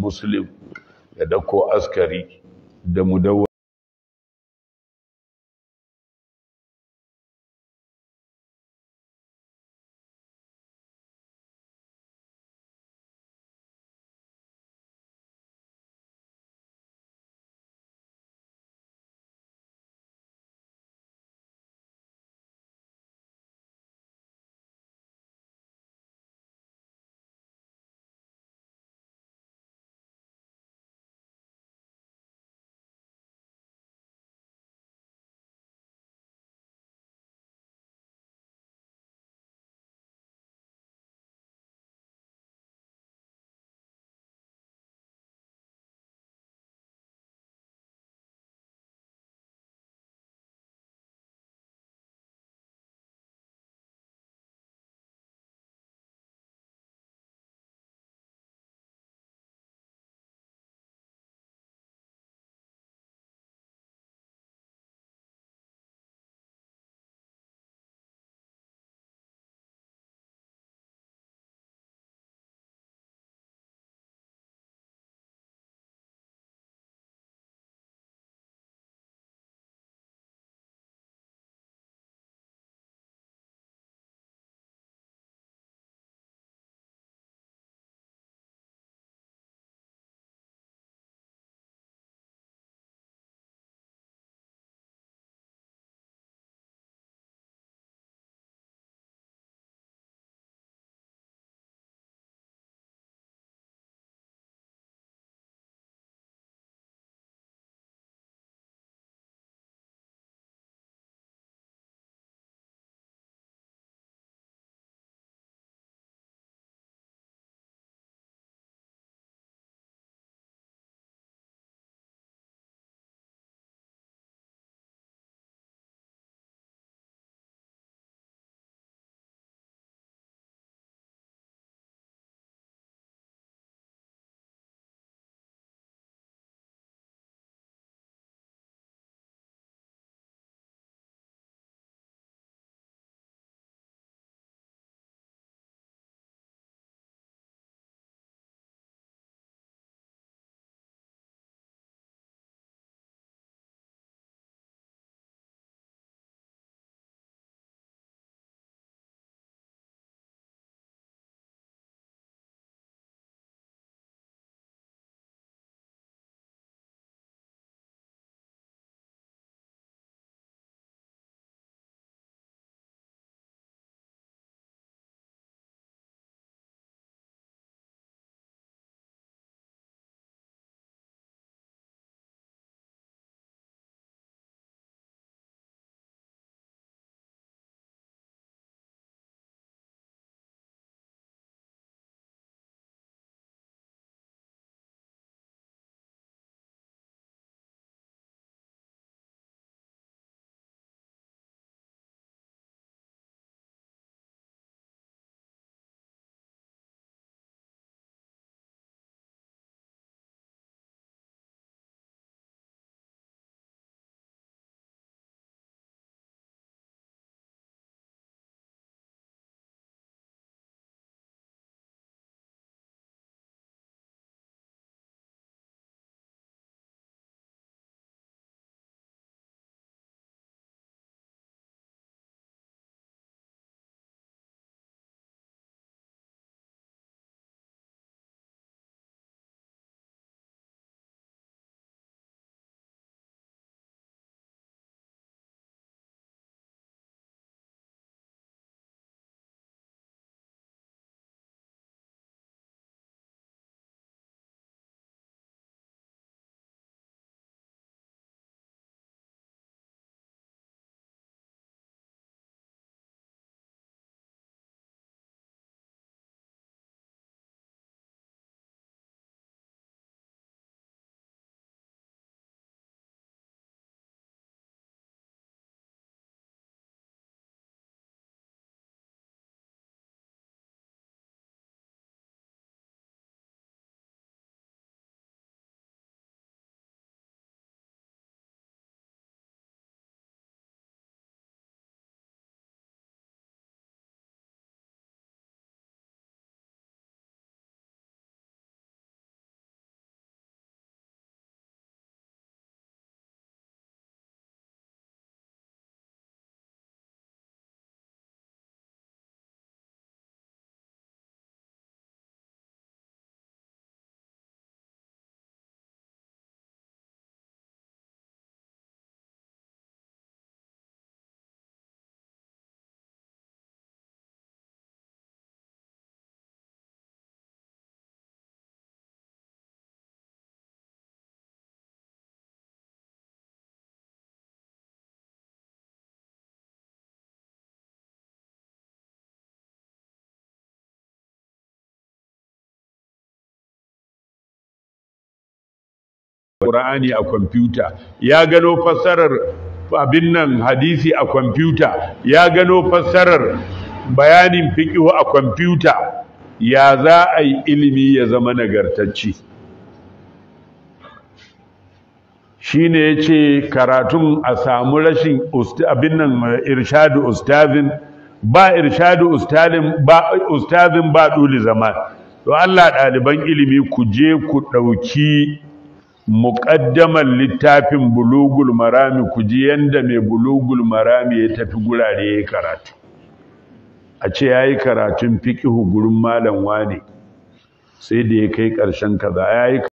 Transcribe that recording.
muslim ya dauko askari da mudawwana Qur'ani a kwamfuta ya gano fassarar abin nan hadisi a kwamfuta ya gano fassarar bayanin fiqhu a kwamfuta ya za a yi ilimi ya zama nagartacci shine yace karatun a samu rashin abin nan irshadu ustazin ba irshadu ustazin ba ustazin ba zaman to Allah ɗaliban ilimi ku je ku ɗauki muƙaddamar littafin bulugul marami ku ji yanda mai bulugul marami ya tafi gurare ya karatu a ce ya yi karatun fiƙihu gurin malam wane sai da ya kai ƙarshen kaza ya